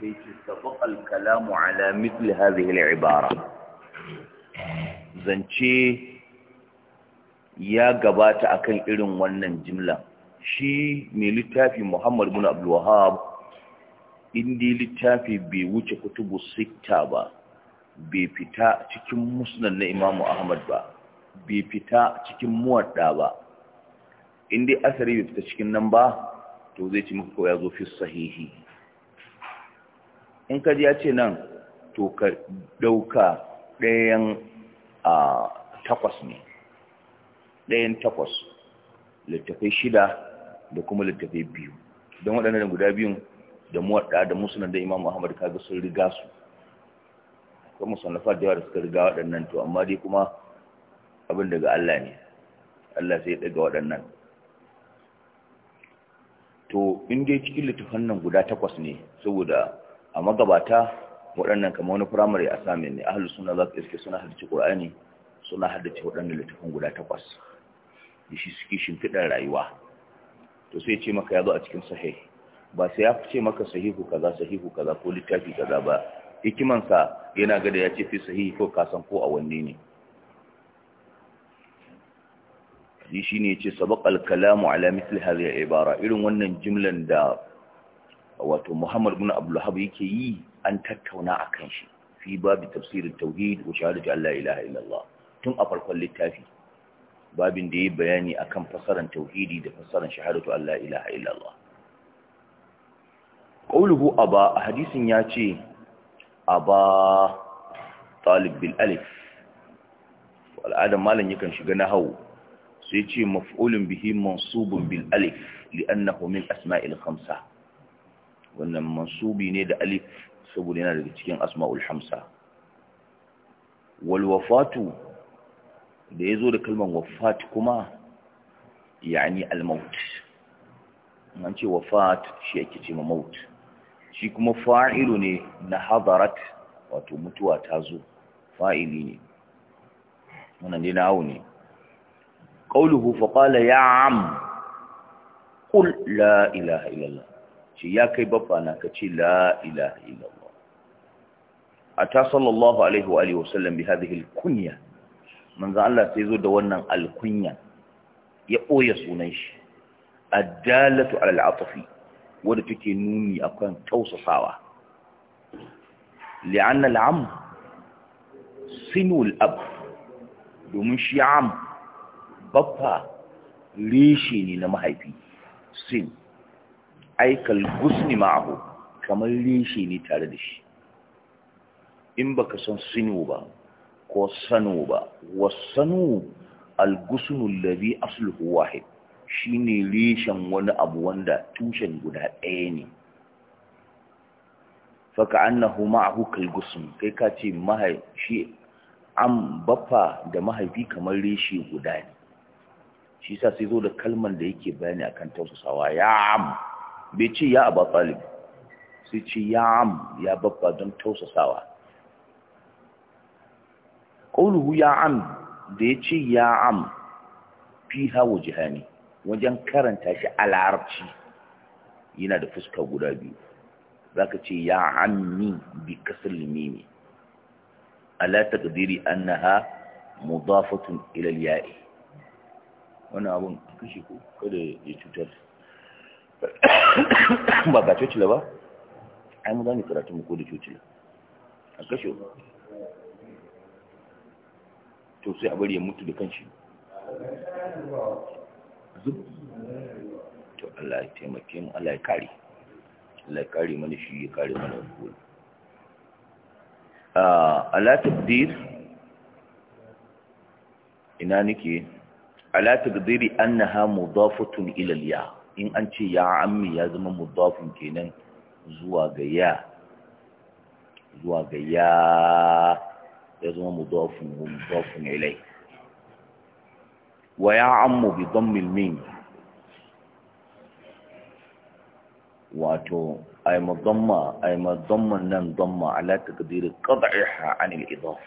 sai ce sabaqa kalamu ala mithli hadhihi ibara zance ya gabata akan irin wannan jimla shi mai littafi Muhammad bin Abdul indi littafi bai wuce kutubu sitta ba bai fita cikin musnad na imamu ahmad ba bai fita cikin muwadda ba indi asari bai fita cikin nan ba to zai ci muku ya zo fi sahihi in ka ji ya ce nan to ka ɗauka ɗayan a takwas ne ɗayan takwas littafai shida da kuma littafai biyu don waɗannan guda biyun da muwaɗa da musulun da imam muhammadu kaga sun riga su Kuma musallafa da yawa da suka riga waɗannan to amma dai kuma abin daga Allah ne Allah sai ya daga waɗannan to in dai cikin littafan nan guda takwas ne saboda a magabata waɗannan kamar wani firamare a sami ne halittu suna za su iske suna haddace ƙur'ani suna haddace waɗannan littafin guda takwas da shi suke shimfiɗar rayuwa to sai ce maka ya zo a cikin sahih ba sai ya ce maka sahihu kaza sahihu kaza ko littafi kaza ba hikimansa yana gada ya ce fi sahihi ko kasan ko a wanne ne shi shine yace sabaq al-kalamu ala mithli hadhihi ibara irin wannan jimlan da wato Muhammad ibn Abdullahi yake yi an tattauna akan shi fi babu tafsirin tauhid wa shahadatu an ilaha illallah tun a farkon littafi babin da yayi bayani akan fasaran tauhidi da fasaran shahadatu an la ilaha illallah qawluhu aba hadisin ya ce aba talib bil alif al'adan malam yakan shiga na hau sai ce maf'ulun bihi mansubun bil alif li'annahu min asma'il khamsah wannan mansubi ne da alif saboda yana daga cikin asma'ul hamsa wal wafatu da yazo da kalman wafat kuma yani al maut an ce wafat shi yake ce ma maut shi kuma fa'ilu ne na hadarat wato mutuwa ta zo fa'ili ne wannan dai nawo ne qawluhu fa qala ya am qul la ilaha illallah ce ya kai babba na ka ce la ilaha A ata sallallahu alaihi wa wasallam bi hadhihi alkunya Allah sai zo da wannan alkunya ya ɓoye sunan shi addalatu ala al'atfi wanda take nuni akan tausasawa li'anna al'am sinul ab domin shi am baffa reshe ne na mahaifi sin aikal gusni ma'ahu kamar reshe ne tare da shi in baka san sinu ba ko sanu ba wasanu algusnu allazi asluhu wahid shine reshen wani abu wanda tushen guda ɗaya ne faka annahu ma'ahu kalgusn kai ka ce mahai shi an baffa da mahaifi kamar reshe guda ne shi sa sai zo da kalman da yake bayani akan tausasawa ya am bai ce ya abu talib sai ce ya am ya babba don tausasawa ƙauluhu ya am da ya ce ya am fi hawa jihani wajen karanta shi a yana da fuska guda biyu za ka ce ya am ni bi kasar limini ala takdiri annaha mudafatun ilal ya'i wani abun kashi ko kada ya cutar ba ga cocila ba ai mu zami karatu mu ko da cocila a kashe to sai a bari ya mutu da kanshi to Allah ya taimake mu Allah ya kare Allah ya kare mana shi ya kare mana wani ala taqdir, ina nake ala takdiri annaha mudafatun ila al-ya in an ce ya ammi ya zama mudafin kenan zuwa ga ya zuwa ga ya ya zama mudafin mudafin ilai wa ya ammu bi dhammil min wato ay madamma ay madamman nan damma ala taqdir qad'iha an al-idaf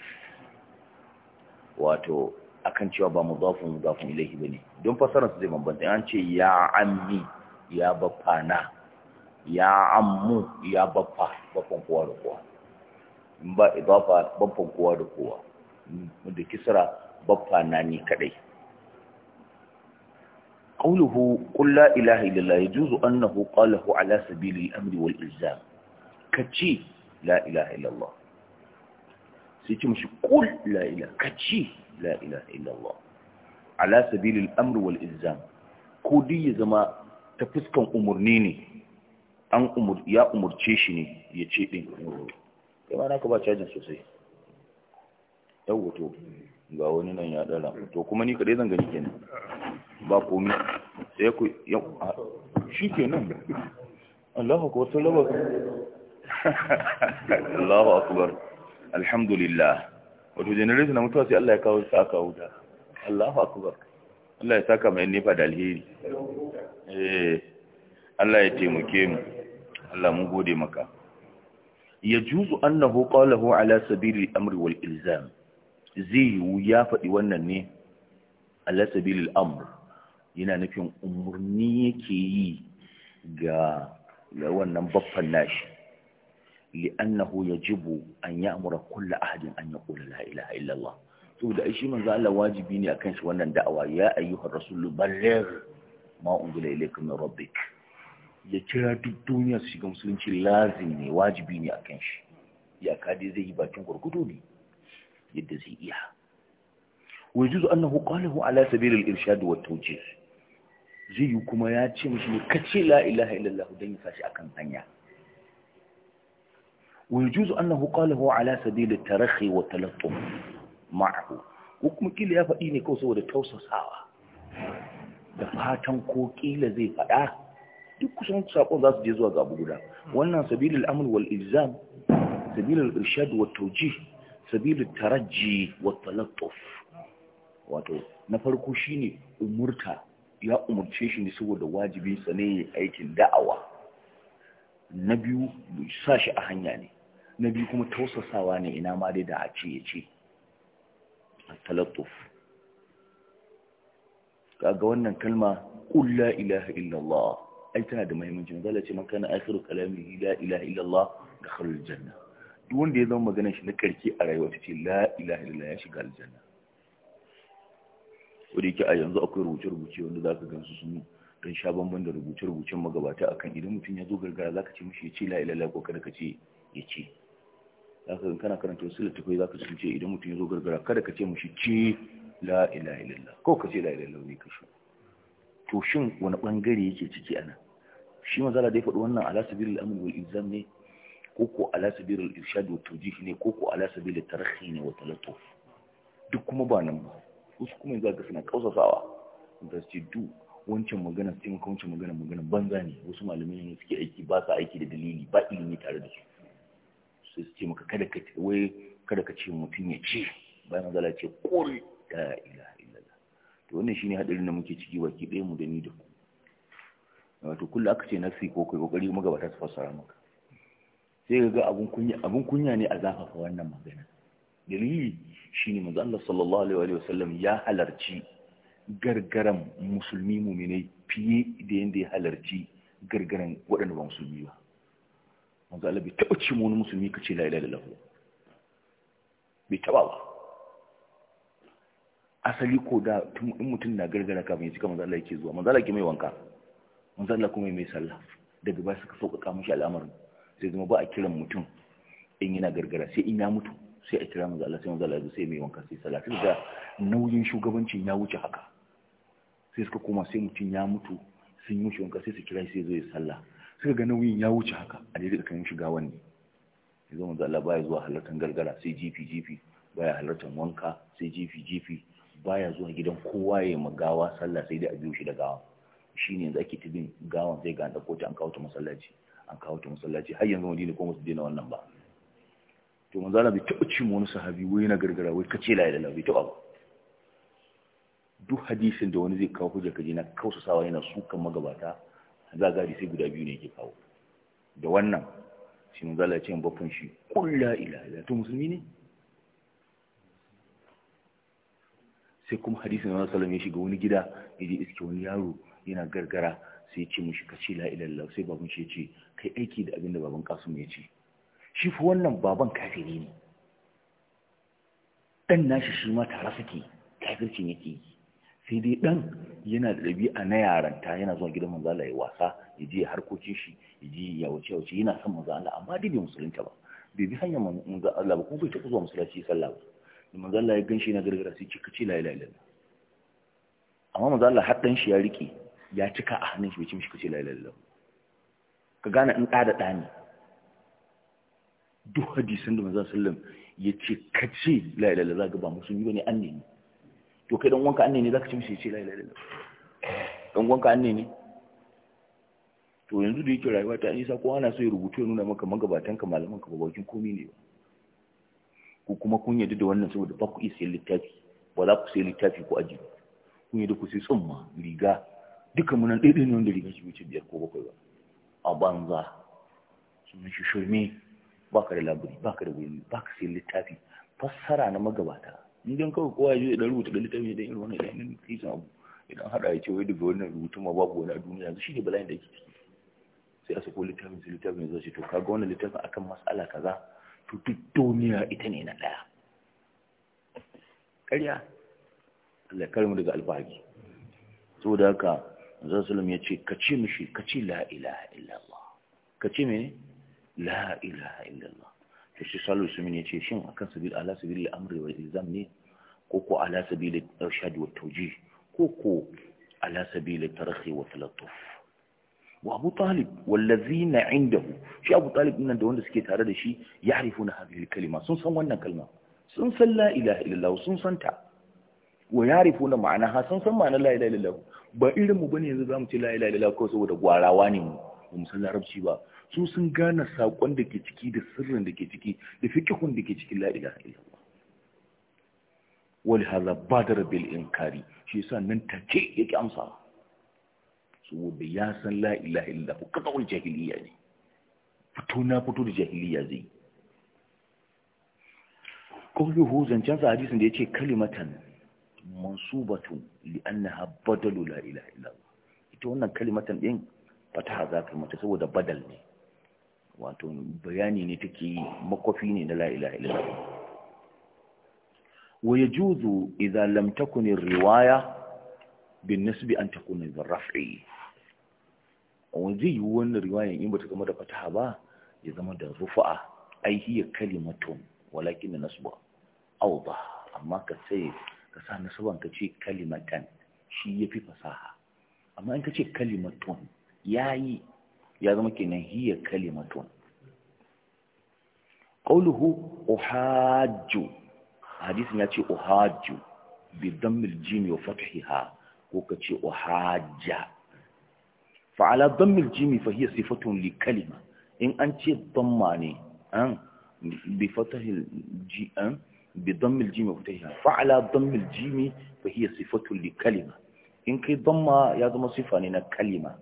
wato akan cewa ba mudafun mudafun ilaihi bane don fasaran su zai bambanta an ce ya ammi ya na ya ammu ya baffa baffan kowa da kowa in ba idafa baffan kowa da kowa da kisra baffa na ni kadai qawluhu qul la ilaha illallah yajuzu annahu qalahu ala sabili al-amri wal ilzam kace la ilaha illallah sai ce mashi kul la ila kaci la ila illallah ala sabilil amr wal ilzam ko dai ya zama ta fuskan umurni ne an umur ya umurce shi ne ya ce din kai ma naka ba cajin sosai yawo to ga wani nan ya dara to kuma ni kadai zan gani kenan ba komi sai ku yau shi kenan Allahu akbar sallallahu alaihi Allahu akbar alhamdulillah wato generation na mutuwa sai Allah ya kawo su aka wuta Allahu akbar Allah ya saka mai nifa da alheri eh Allah ya taimake mu Allah mun gode maka yajuzu annahu qalahu ala sabili al-amri wal ilzam zai ya faɗi wannan ne ala sabili al-amr yana nufin umurni yake yi ga wannan baffan nashi li'annahu yajibu an ya'mura kullu ahadin an ahadin la ilaha illa Allah saboda ai shi manzo wajibi ne akan shi wannan da'awa ya ayyuhar rasulu balligh ma unzila ilayka min rabbik ya kira duk duniya su shiga musulunci lazimi ne wajibi ne akan shi ya kadi zai yi bakin gurgudu yadda zai iya wajuzu annahu qalahu ala sabil al-irshad wa zai yi kuma ya ce mishi ne kace la ilaha illallah dan ya sashi akan hanya ويجوز أنه قاله على سبيل الترخي والتلطف معه وكما كلا يفعيني tausasawa da fatan ko كوكيلا زي faɗa duk kusan sakon za su je zuwa gabu guda wannan sabilul amr wal ilzam sabilul irshad wat tawjih wato na farko shine umurta ya umurce shi ne saboda wajibinsa ne aikin da'awa na biyu sa shi a hanya ne na biyu kuma tausasawa ne ina ma dai da a ce ya ce A talattuf ga wannan kalma qul ilaha illallah ai tana da mahimmancin zala ce man kana akhiru kalami la ilaha illallah dakhala janna. duk wanda ya zama magana shi na karki a rayuwa ce la ilaha illallah ya shiga aljanna wanda yake a yanzu akwai rubuce-rubuce wanda za ka gansu sun dan sha bambam da rubuce-rubucen magabata akan idan mutum ya zo gargara za ka ce mishi ya ce la ilaha illallah ko kada ka ce ya ce za ka kana karanta wasu littafai za ka ce idan mutum ya zo gargara kada ka ce mashi ce la ilaha ko ka ce la ilaha illallah ne ka shi to shin wani bangare yake ciki ana shi mazala da ya faɗi wannan ala sabilil amr wal ne ko ko ala sabilil irshad wa tawjih ne ko ko ala sabilil ne wa talatuf duk kuma ba nan ba wasu kuma za ka suna kausasawa da su ce du wancan magana sai maka wancan magana magana banza ne wasu malamai ne suke aiki ba sa aiki da dalili ba ilimi tare da su sai su ce maka kada ka wai kada ka ce mutum ya ce bayan zala ce kul la ila illallah to wannan shine hadarin da muke ciki baki ɗaya mu da ni da ku wato kullu aka ce nafsi ko kai kokari ta su fassara maka sai ga abun kunya abun kunya ne a zafafa wannan magana dalili shine manzo Allah sallallahu alaihi wa sallam ya halarci gargaran musulmi muminai fiye da yanda ya halarci gargaran waɗanda ba musulmi ba manzo Allah bai taba ci wani musulmi ka ce la ilaha illallah bai taba ba asali ko da tun in mutum na gargara kafin ya cika manzo Allah yake zuwa manzo Allah yake mai wanka manzo Allah kuma mai sallah daga ba suka sauƙaƙa mishi al'amarin sai zama ba a kiran mutum in yana gargara sai in ya mutu sai a kira manzo Allah sai manzo Allah sai mai wanka sai sallah sai da nauyin shugabancin ya wuce haka sai suka koma sai mutum ya mutu sun yi wanka sai su kira sai zo ya sallah suka ga nauyin ya wuce haka a daidai kan shiga wanne ya zo manzo Allah baya zuwa halartar gargara sai jifi jifi baya halartar wanka sai jifi jifi baya zuwa gidan kowa ya magawa sallah sai dai a biyo shi da gawa shine yanzu ake tibin gawan sai ga an dauko ta an kawo ta masallaci an kawo ta masallaci har yanzu Madina ko musu daina wannan ba to manzo Allah bai taɓa mu wani sahabi wai na gargara wai kace la ilaha bai taɓa ba duk hadisin da wani zai kawo hujja kaje na kausasawa yana sukan magabata zagari sai guda biyu ne ke kawo da wannan shi mun zala cin bafin shi kulla ila ila to musulmi ne sai kuma hadisi na Salam ya shiga wani gida ya je iske wani yaro yana gargara sai ya ce mushi kace la ila sai baban shi ya ce kai aiki da abin da baban kasum ya ce shi fa wannan baban kafiri ne dan nashi shi ma tare suke kafircin yake yi sai dai ɗan yana da ɗabi'a na yaranta yana zuwa gidan manzo Allah ya wasa ya je harkokin shi ya je ya wuce wuce yana son manzo Allah amma dai bai musulunta ba bai bi hanyar manzo Allah ba kuma bai taɓa zuwa musulunci sallah ba da manzo Allah ya ganshi na gargara sai cika ce la ilaha illallah amma manzo Allah har ɗan shi ya riƙe ya cika a hannun shi bai ci mishi kace la ilaha illallah ka gane in kada da ne duk hadisin da manzo Allah ya ce kace la ilaha illallah ka ba musulmi an annini to kai dan wanka anne ne zaka ci mishi ce la ilaha illallah dan wanka an ne to yanzu da yake rayuwa ta isa ko ana so ya rubutu ya nuna maka magabatan ka malaman ka komi ne ba ku kuma kun yadda da wannan saboda ba ku iya sayan littafi ba za ku sayi littafi ko aji kun yadda ku sai tsumma riga duka munan ɗaiɗai ne wanda riga shi wuce biyar ko bakwai ba a banza sunan shi shirme ba ka da labari ba ka da wuyi ba ka sayi littafi fassara na magabata idan kawai kowa ya zai rubuta da littafi da irin wani ɗanin kisan abu idan haɗa ya ce wai daga wannan rubutu ma babu wani a duniya yanzu shi ne bala'in da ke ciki sai a sako littafin su littafin zai ce to kaga wannan littafin akan mas'ala kaza to duk duniya ita ne na ɗaya ƙarya Allah kare mu daga alfahari saboda haka zan Salam ya ce ka ce mishi ka ce la ilaha illallah ka ce mene la ilaha illallah to shi salu sumin yace shin akan sabil ala sabil al-amri wal ilzam ne ko ko ala sabil irshad wa tawjih ko ko ala sabil tarhi wa talattuf wa abu talib wallazina indahu shi abu talib nan da wanda suke tare da shi ya'rifuna hadhihi al-kalima sun san wannan kalma sun san la ilaha illallah sun san ta wa ya'rifuna ma'anaha sun san ma'anar la ilaha illallah ba irin mu bane yanzu zamu ce la ilaha illallah ko saboda gwarawa ne mu mu san larabci ba su sun gane saƙon da ke ciki da sirrin da ke ciki da fikihun da ke ciki la'ila illallah wali haza rabil in Kari shi yasa nan take yake amsa wadda ya san la'ila illallah kaga wani jahiliya ne fito na fito da jahiliya zai qawluhu zancan sa hadisin da ya ce kalimatan mansubatu li'annaha badalu la ilaha illallah ita wannan kalimatan din ta zakai mata saboda badal ne wato bayani ne take yi makwafi ne na la'ilaha illallah wa yajuzu idza lam takun riwaya bin nasbi an takuna bin raf'i wanda yi wannan riwayan in bata zama da fataha ba ya zama da rufa'a ai hiya kalimatun walakin nasbu ba. amma ka sai ka sa nasban ka ce kalimatan shi yafi fasaha amma in ka ce kalimatun yayi ya zama kenan hiya kalimatun qawluhu uhajju hadisin ya ce uhajju bi dammil jim wa fathiha ko kace uhajja fa ala dammil jim fa hiya sifatun li kalima in an ce damma ne an bi fathil ji an bi dammil jim wa fathiha fa ala dammil jim fa hiya sifatun li kalima in kai damma ya zama sifa ne na kalima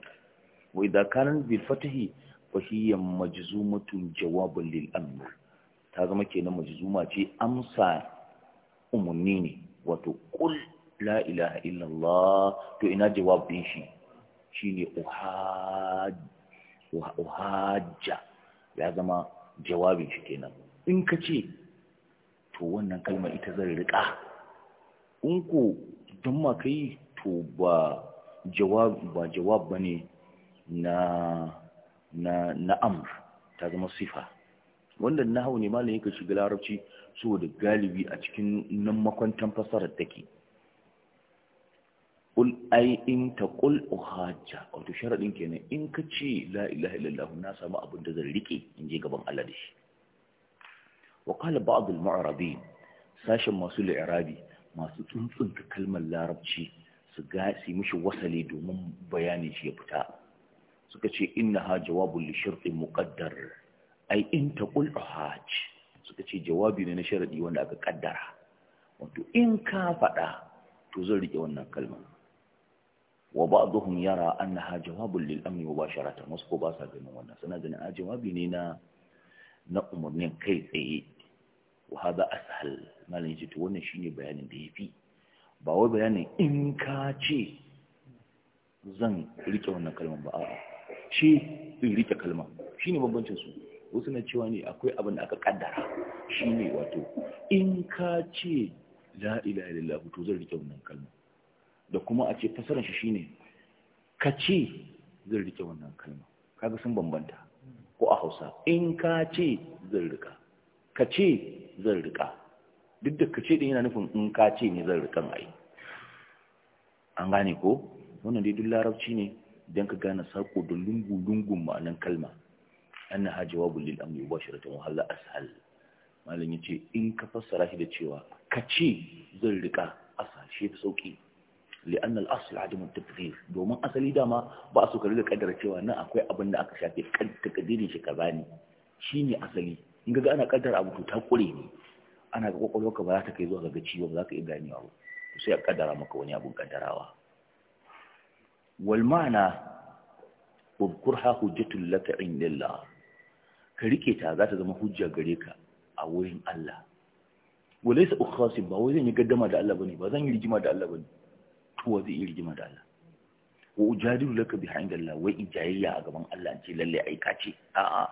wa idza kana bil fatahi fa hiya majzumatun jawabun lil amr ta zama kenan majzuma ce amsa umarni ne wato qul la ilaha illa allah to ina jawabin shi shine uhajja ya zama jawabin shi kenan in ka ce to wannan kalma ita zan riƙa in ko don ma kai to ba jawab ba jawab bane na na na amr ta zama sifa wannan hau ne malam yake shiga larabci saboda galibi a cikin nan makwantan fasarar take kul ai in ta uhajja wato sharadin kenan in ka ce la ilaha illallah na samu abin da zan rike in je gaban Allah da shi wa qala ba'd al mu'rabin sashin masu li'irabi masu tsuntsunta kalmar larabci su ga su mishi wasale domin bayani shi ya fita suka ce innaha jawabul li shartin muqaddar ai in taqul haj suka ce jawabi ne na sharadi wanda aka kaddara wato in ka faɗa to zan rike wannan kalma wa ba'dhum yara annaha jawabul lil amri mubasharatan wasu ko ba sa ganin wannan suna ganin a ah, jawabi ne na na umarnin kai tsaye wa hada ashal malin ji to wannan shine bayanin da yafi ba wai bayanin in ka ce zan rike wannan kalman ba a'a ce zai rike kalma shine bambancin su wasu na cewa ne akwai abin da aka kaddara ne wato in ka ce la ilaha to rike wannan kalma da kuma a ce fasarar shi shi ne, ka ce zai rike wannan kalma kaga sun bambanta ko a Hausa in ka ce zai rika ka ce zai rika duk da ka ce din yana nufin in ka ce ne zai rikan ai an gane ko wannan dai duk larabci ne Idan ka gane sako da lungu-lungun ma'anan kalma an na hajjawa bulil amri ba shi ratun wahala ashal malam ya ce in ka fassara shi da cewa ka ce zan rika asal shi fi sauki li'an al'asul adamun tafsir domin asali dama ba a ka rika kaddara cewa nan akwai abin da aka shafe takaddirin shi ka bani. shi ne asali in ga ana kaddara abu to ta kure ne ana ga ka ba za ta kai zuwa ga ciwo ba za ka iya ganewa ba sai a kaddara maka wani abun ƙaddarawa. والمعنى واذكرها حجة لك عند الله كريكتا ذات زما حجة غريكا a wurin Allah wale sa ukhasim ba wai zan yi gaddama da Allah bane ba zan yi rigima da Allah bane to wa zai yi rigima da Allah wa ujadilu laka behind Allah wai ijayayya a gaban Allah ce lalle aika ce a'a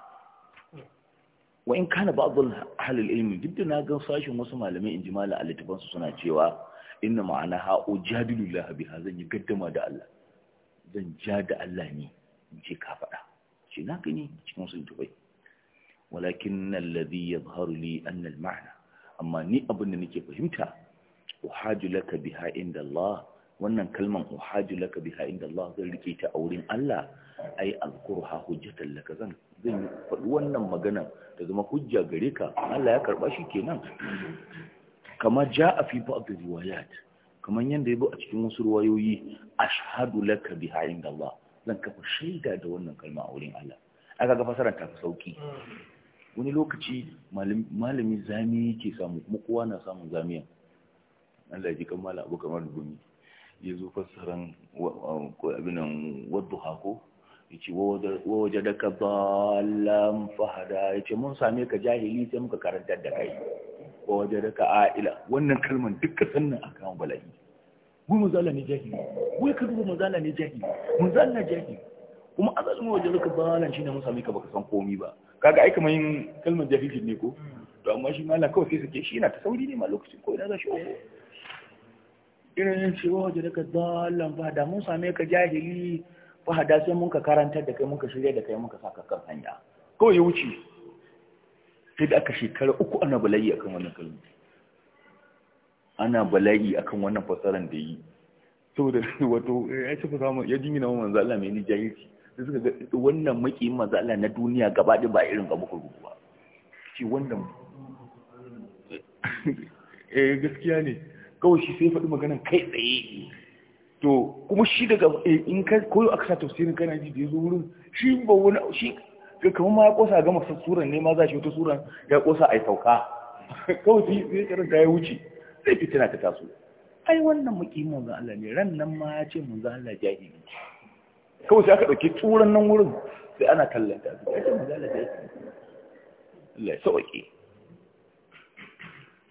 wa in kana ba'dul ahlul ilmi duk da na ga sashin wasu malamai in ji malam alitaban suna cewa inna ma'ana ha ujadilu laha biha zan yi gaddama da Allah zan ja da Allah ne je ka faɗa ce na gani cikin wasu dubai walakin nan ladhi yadhharu li annal ma'ana amma ni abin da nake fahimta uhaju laka biha inda Allah wannan kalman uhaju laka biha inda Allah zan rike ta a wurin Allah ai alqurha hujjatan laka zan zan faɗi wannan magana ta zama hujja gare ka Allah ya karɓa shi kenan kama a fi ba'd riwayat kamar yadda ya a cikin wasu ruwayoyi ashhadu laka biha inda Allah zan kafa shaida da wannan kalma a wurin Allah aka ga fasara ta sauki wani lokaci malami zami yake samu kuma kowa na samun zamiya Allah ji kan mala abu kamar gumi ya zo abin abinan wadda hako ya ce waje daga balan fahada ya ce mun same ka jahili sai muka karantar da kai wa wajadaka a'ila wannan kalman duka sannan a aka kawo bala'i mu manzala ne jahili wai ka duba manzala ne jahili manzala ne jahili kuma azalin wajadaka balan shi ne mun sami ka baka san komi ba kaga ai kamar yin kalmar jahilin ne ko to amma shi malam kawai sai suke shi yana ta sauri ne ma lokacin ko ina za shi ogo irin yin cewa waje daga zalan ba da mun mai ka jahili ba da sai mun ka karanta da kai mun ka shirya da kai mun ka saka kan hanya kawai ya wuce sai da aka shekara uku ana bala'i akan wannan kalma ana bala'i kan wannan fasarar da yi saboda wato ya ce fasama ya jini na manzo Allah mai ni jahilci da suka ga wannan maki manzo na duniya gaba ɗaya ba irin abu kurgu ba shi wannan eh gaskiya ne kawai shi sai faɗi magana kai tsaye to kuma shi daga eh, in ka koyo aka sa tafsirin kana ji da ya zo wurin shi ba wani shi kamar ma ya kosa gama suran ne ma za shi wata suran ya kosa a yi sauka kawai sai karanta ya wuce sai fitina ta taso ai wannan mukimin manzon Allah ne ran nan ma ya ce manzon Allah jahili kawai sai aka dauki tsuran nan wurin sai ana kallanta su mun manzon Allah jahili Allah ya sauke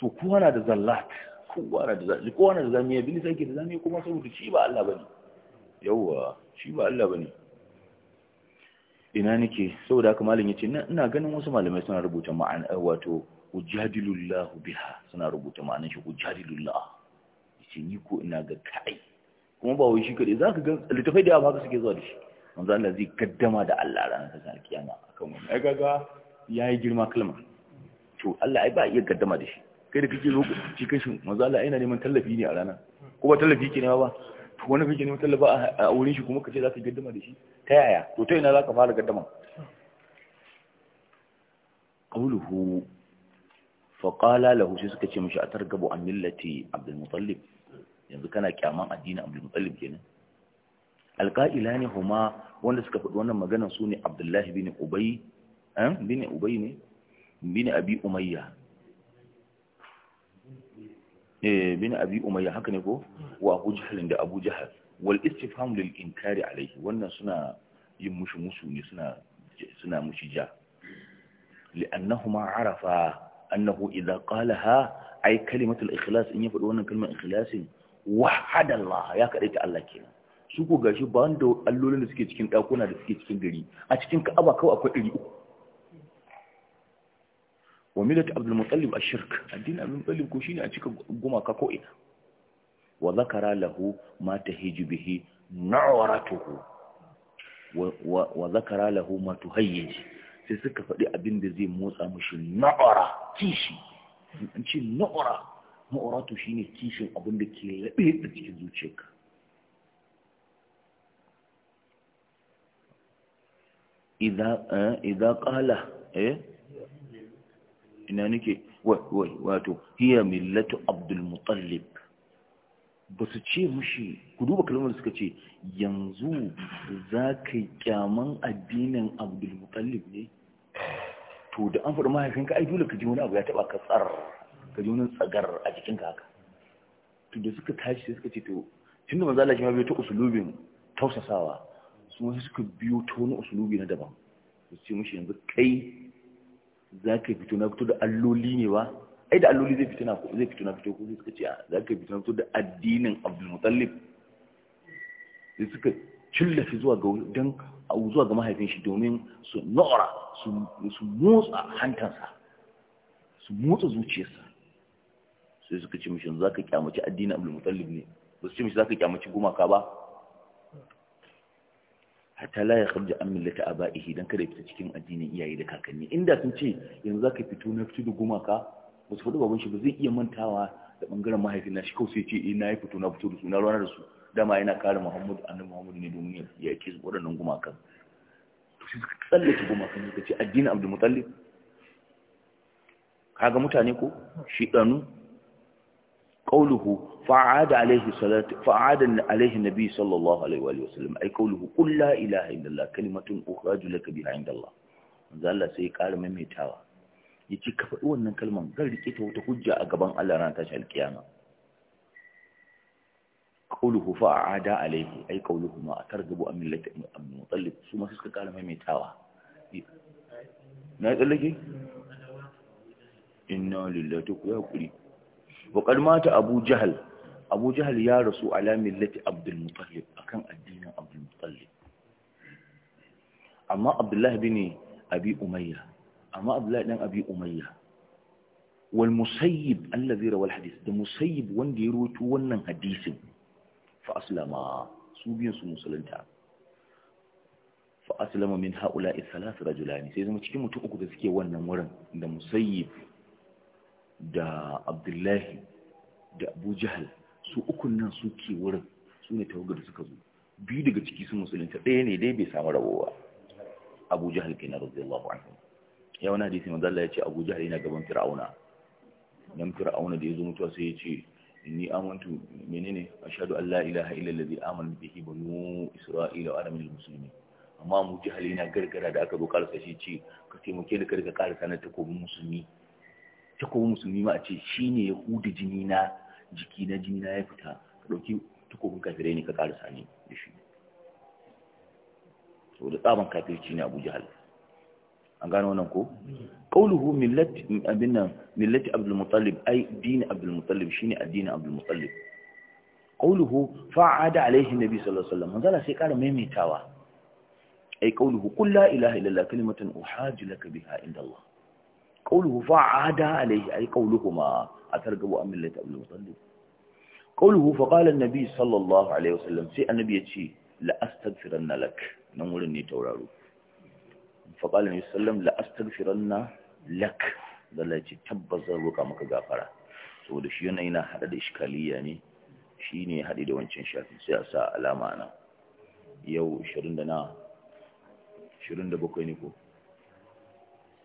to kowa na da zallat kowa na da zallat kowa na da zamiya bin sai ke da zamiya kuma saboda shi ba Allah bane yawa shi ba Allah bane ina nake saboda haka malam yace ina ganin wasu malamai suna rubuta ma'ana wato ujadilullah biha suna rubuta ma'anar shi ujadilullah yace ni ko ina ga kai kuma ba wai shi kade zaka ga litafai da haka suke zuwa da shi manzo Allah zai gaddama da Allah ranar ta kiyama akan wannan ai gaga yayi girma kalma to Allah ai ba iya gaddama da shi kai da zo cikin shi manzo Allah ina neman tallafi ne a ranar ko ba tallafi kike ne ba to wani bai neman tallafi a wurin shi kuma ka ce za ka gaddama da shi ta yaya to ta ina za ka fara gaddama qawluhu Faƙala qala lahu sai suka ce mishi atargabu an millati abdul muttalib yanzu kana kyaman addinin abdul muttalib kenan ne huma wanda suka faɗi wannan magana ne abdullahi eh, bin ubay ne bin abi umayya Eh, bin abi umayya haka ne ko wa abu jahal da abu jahal wal istifham lil inkari alayhi wannan suna yin mushi musu ne suna suna mushi ja li'annahuma arafa annahu idza qalaha ay kalimatu al ikhlas in ya faɗi wannan kalmar ikhlasin wahada Allah ya kaɗai ta Allah kenan su ko gashi ba wanda allolin da suke cikin dakuna da suke cikin gari a cikin ka'aba kawai akwai ɗari uku wa millat abdul muttalib ash-shirk addinin abdul muttalib ko shine a cika gumaka ko ina wa zakara lahu ma tahiju bihi na'waratuhu wa zakara lahu ma tuhayyij sai suka faɗi abin da zai motsa mushi nawara kishi an ce nawara nawaratu shine kishin abin da ke labe da cikin zuciyarka idza eh, idza qala eh ina nake wato hiya millatu abdul mutallib ba su ce mushi ku duba kalmar suka ce yanzu za ka kyaman addinin abdul mutallib ne to da an faɗi mahaifinka ai dole ka ji wani abu ya taɓa ka tsar ka ji wani tsagar a jikinka haka to da suka tashi sai suka ce to tunda manzo Allah shi ma biyo ta usulubin tausasawa su suka biyo ta wani usulubi na daban su ce mushi yanzu kai za ka fito na fito da alloli ne ba ai da alloli zai fito na zai fito na fito ko suka ce za ka fito na fito da addinin Abdul Muttalib sai suka cillafi zuwa ga dan zuwa ga mahaifin shi domin su nora su motsa hantarsa, su motsa zuciyarsa sai suka ce mishi za ka kyamaci addinin Abdul Muttalib ne ba su ce mishi za ka kyamaci gumaka ba hatta la ya kharja an millati aba'ihi dan kada fita cikin addinin iyaye da kakanni inda sun ce yanzu zaka fito na fito da gumaka ba su faɗi baban shi ba zai iya mantawa da bangaren mahaifin nashi shi kawai sai ce eh na yi fito na fito da su na ranar da su dama yana kare Muhammadu annabi Muhammadu ne domin ya yake su waɗannan gumakan to sai suka tsallake gumakan suka ce addinin Abdul Muttalib kaga mutane ko shidanu qauluhu فأعاد عليه صلاة فأعاد عليه النبي صلى الله عليه وآله وسلم أي قوله قل لا إله إلا الله كلمة أخرج لك بها عند الله manzo Allah sai ya ƙara maimaitawa yace ka faɗi wannan kalmar zan rike ta wata hujja a gaban Allah ran tashi alkiyama qawluhu fa aada alayhi ay qawluhu ma atarghabu an millati abdul mutallib su ma suka ƙara maimaitawa na tsallake inna lillahi wa inna ilaihi raji'un wa qad mata abu jahl abu jihar ya rasu ala millati abdulmutallib akan addinin abdulmutallib amma abdullahi bin abi umayya amma abdullahi ɗan abi umayya wal musayyib allazi rawa al hadith da musayyib wanda ya roto wannan hadisin fa aslama su biyan su musulunta fa aslama min haula'i thalath rajulani sai zama cikin mutum uku da suke wannan wurin da musayyib da abdullahi da abu jahal su ukun nan su ke wurin su ne tawagar da suka zo biyu daga ciki sun musulunta ɗaya ne dai bai samu rabowa abu jahal kenan radiyallahu anhu ya wani hadisi manzo Allah ya ce abu jihar yana gaban fir'auna nan fir'auna da ya zo mutuwa sai ya ce inni amantu menene a shaɗu allah ilaha illa allazi amana ba banu isra'ila wa adamin Musulmi? amma mu hali yana gargara da aka zo karsa shi ce ka taimake da karka karasa na takobin musulmi takobin musulmi ma a ce shine ya hudu jini na jiki na jini na ya fita ka ɗauki tukubin kafirai ne ka ƙarasa ne da shi saboda tsaban kafirci ne abu jihal an gano wannan ko qauluhu millati abinna millati abdul muttalib ai din abdul muttalib shine addinin abdul muttalib qauluhu fa'ada alaihi nabi sallallahu alaihi wasallam manzala sai ƙara maimaitawa ai qauluhu qul ilaha illallah kalimatun uhajju biha inda Allah قوله فعاد عليه أي قولهما أترقب أم الله أبو المطلب قوله فقال النبي صلى الله عليه وسلم سي النبي يتشي لأستغفرن لك نقول أني تورارو فقال النبي صلى الله عليه وسلم لأستغفرن لك ذلك يتشي تبزر وقامك غافرة saboda shi yanayi na haɗa da iskaliya ne shi ne haɗe da wancan shafi sai a sa alama na yau 27 ne ko